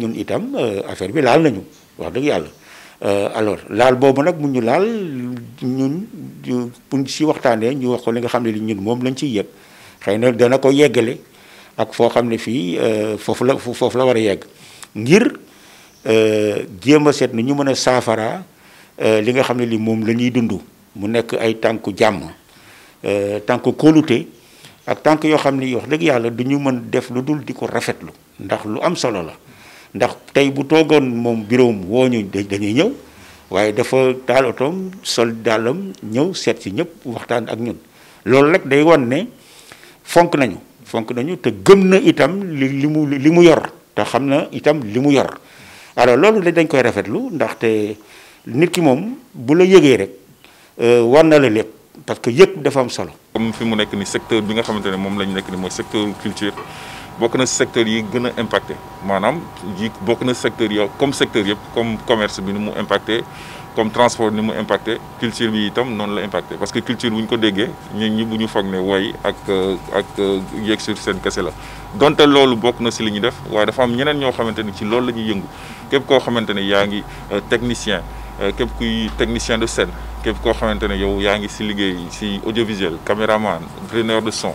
ñun itam euh, affaire bi laal nañu wax dëgg yàlla euh, alors laal boobu nag mu ñu laal ñun buñ si waxtaanee ñu wax ko li nga xam ne li ñun moom lañu ciy yëg xëy na dana ko yeggale ak foo xam ne fii euh, foofu la foofu la war a yegg ngir jéem a seet nu ñu mën a saafara li nga xam ne li moom la ñuy dund mu nekk ay tànk jàmm tànk kóolute ak tànk yoo xam ne wax dëgg yàlla du ñu mën def lu dul di ko rafetlu ndax lu am solo la ndax tey bu toogoon moom bureau am woo ñu dañuy ñëw waaye dafa taal otoom sol daalam ñëw seet si ñëpp waxtaan ak ñun loolu rek day wan ne fonk nañu fonk nañu te gëm na itam li li mu li mu yor te xam na itam li mu yor alors loolu la dañ koy rafetlu ndaxte nit ki moom bu la yëgee rek euh, war na la lépp parce que yëpp dafa am solo. comme fi mu nekk ni secteur bi nga xamante ne moom lañ nekk ni mooy secteur culture. bokna secteur yi gëna impacté manam yi bokk secteur yo comme secteur yëpp comme commerce bi ni mu impacté comme transport ni mu impacté culture bi itam non la impacté parce que culture bu ko déggé ñun ñi bu ñu foog ak ak yéeg sur seen kese la donte loolu bokk na si li ñuy def waaye dafa am ñeneen ñoo xamante ni ci loolu la ñuy yëngu képp koo xamante ne yaa ngi euh, technicien euh, képp kuy technicien de scène képp koo xamante ne yow yaa ngi si liggéey si audiovisuel caméraman preneur de son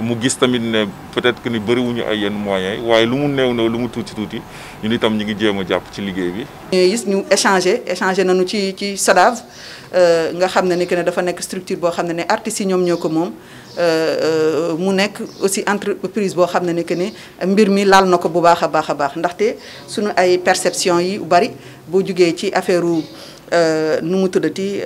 mu gis tamit ne peut-être que ni bëriwuñu ay yenn moyens waaye lu mu néew néew lu mu tuuti tuuti ñun itam ñu ngi jéem a jàpp ci liggéey bi. ñu gis ñu échangé échangé nañu ci ci SODAV euh, nga xam ne ni que ne dafa nekk structure boo xam ne ne artistes ñoom ñoo ko moom euh, euh, mu nekk aussi entreprise boo xam ne ni que ne mbir mi laal na ko bu baax a baax a baax ndaxte suñu ay perception yi bari boo jugee ci affaire nu mu tuddati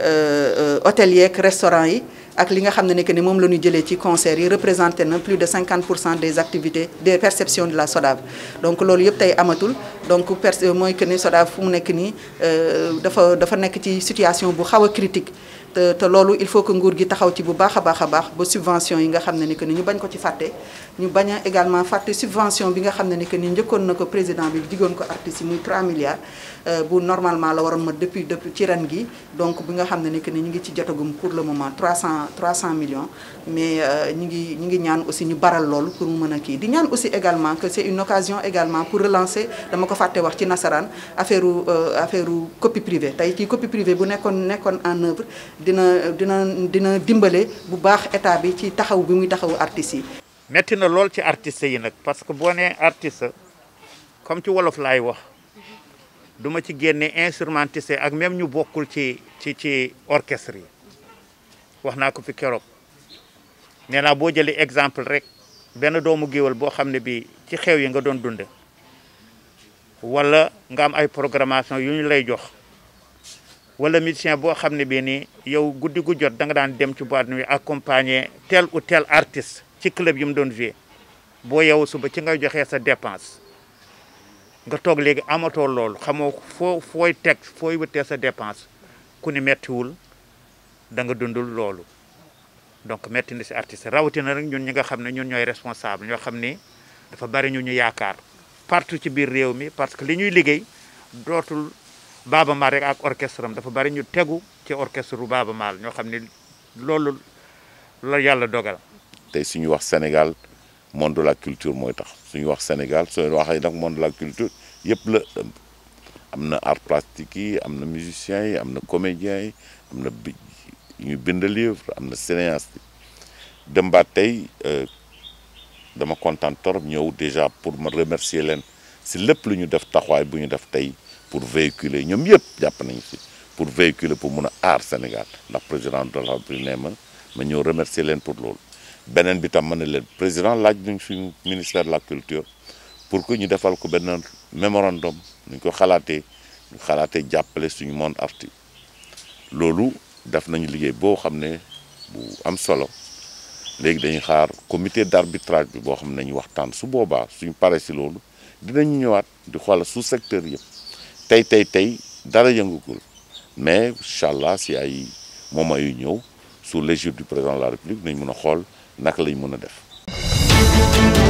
hôtel yeeg restaurant yi. ak li nga xamné ne que ne moom la ñu jëlee ci concert yi représenté na plus de 50 des activités des perceptions de la SODAV donc loolu yëpp tay amatul donc euh, moy que ni SODAV fu mu ni euh dafa dafa nek ci situation bu xawa critique te te loolu il faut que nguur gi taxaw ci bu baax a baax bo subvention yi nga xamné ni que ni ñu bañ ko ci faté ñu baña également faté subvention bi nga xamné ni que ni njëkkoon na président bi digoon ko artiste yi muy 3 milliards euh, bu normalement la waron ma depuis depuis ci ren gi donc bi nga xamné nek ni que ñu ngi ci jotagum pour le moment 300 300 millions mais euh, ñi ngi ñi ngi ñaan aussi ñu baral lolu pour mu mëna ki di ñaan aussi également que c'est une occasion également pour relancer dama ko faté wax ci nasaran affaire euh, affaire copie privée tay ki copie privée bu nekkoon nekkoon en œuvre dina dina dina dimbale bu baax état bi ci taxaw bi muy taxaw artiste yi. metti na lool ci artistes yi nak parce que boo nee artiste comme ci wolof lay wax. duma ci génne instrumentiste ak même ñu bokkul ci ci ci orchestre yi wax naa ko fi keroog nee naa boo jëlee exemple rek benn doomu géwal boo xam ne bi ci xew yi nga doon dunde wala nga am ay programmation yu ñu lay jox wala musicien boo xam ne bii nii yow guddi gu jot da nga daan dem ci boîte mi accompagner tel ou tel artiste ci club yi mu doon jouer boo yeewu suba ci ngay joxee sa dépense nga toog léegi amatoo loolu xamoo foo fooy teg fooy wëttee sa dépense ku ni méttiwul da nga dundul loolu donc métti na si artiste rawatina rek ñun ñi nga xam ne ñun ñooy responsable ñoo xam ni dafa bari ñu ñu yaakaar partout ci biir réew mi parce que li ñuy liggéey dootul Baaba Maal rek ak orchestre am dafa bari ñu tegu ci orchestre bu Baaba Maal ñoo xam ni loolu la yàlla dogal. tey suñu wax Sénégal. monde de la culture moy tax suñu wax Sénégal suñu waxee nak monde de la culture yépp la amna art plastique amna musiciens amna comédiens yi ñu bind livre amna na cinéaste yi dem ba euh, dama content torop ñëw déjà pour me remercier leen ci lepp lu ñu def taxawaay bu ñu def tay pour véhiculer ñom yépp japp nañ ci pour véhiculer pour mon art Sénégal ndax président de la République ne ma ma remercier leen pour loolu benen bi tam président laaj nañ suñu ministère de la culture pour que ñu défal ko benn memorandum ñu ko xalaatee ñu xalaatee jappalé suñu monde arti lolu daf nañu liggéey bo xamné bu am solo légui dañuy xaar comité d'arbitrage bi bo xamné ñu waxtaan su boba suñu pare si loolu dinañu ñëwaat di xol sous secteur yëpp tey tey tey dara yëngugul mais incha si ay moment yu ñëw sous l'égide du président de la république nañ mëna xol naka lañ mën a def